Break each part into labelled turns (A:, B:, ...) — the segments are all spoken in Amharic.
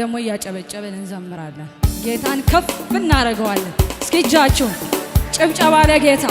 A: ደግሞ እያጨበጨብን እንዘምራለን። ጌታን ከፍ እናደርገዋለን። እስኪ እጃችሁ ጭብጨባ ለጌታ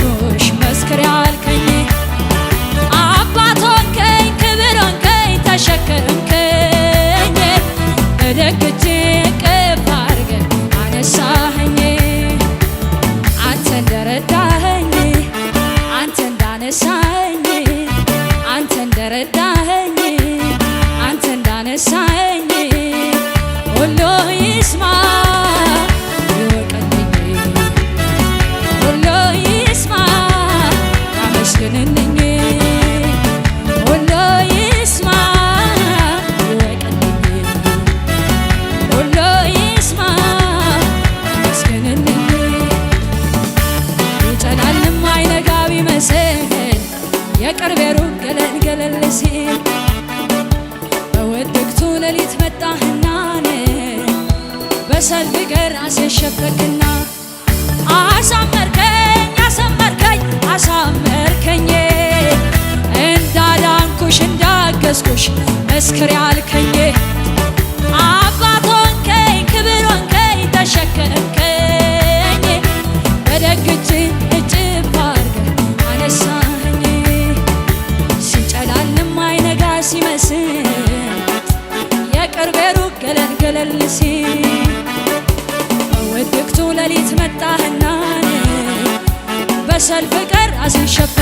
A: hoş አልኩሽ መስክሬ አልከኝ አባት ሆንከኝ ክብር ሆንከኝ ተሸከምከኝ በደግ እጅ እጅብ አድርገህ አነሳኝ ሲጨላልም አይነጋ ሲመስል የቅርቤ ሩቅ ገለል ገለል ሲል በውድቅቱ ሌሊት መጣህና በሰልፍ ቀር አስሸፈ